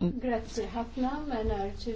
Grazie ħafna,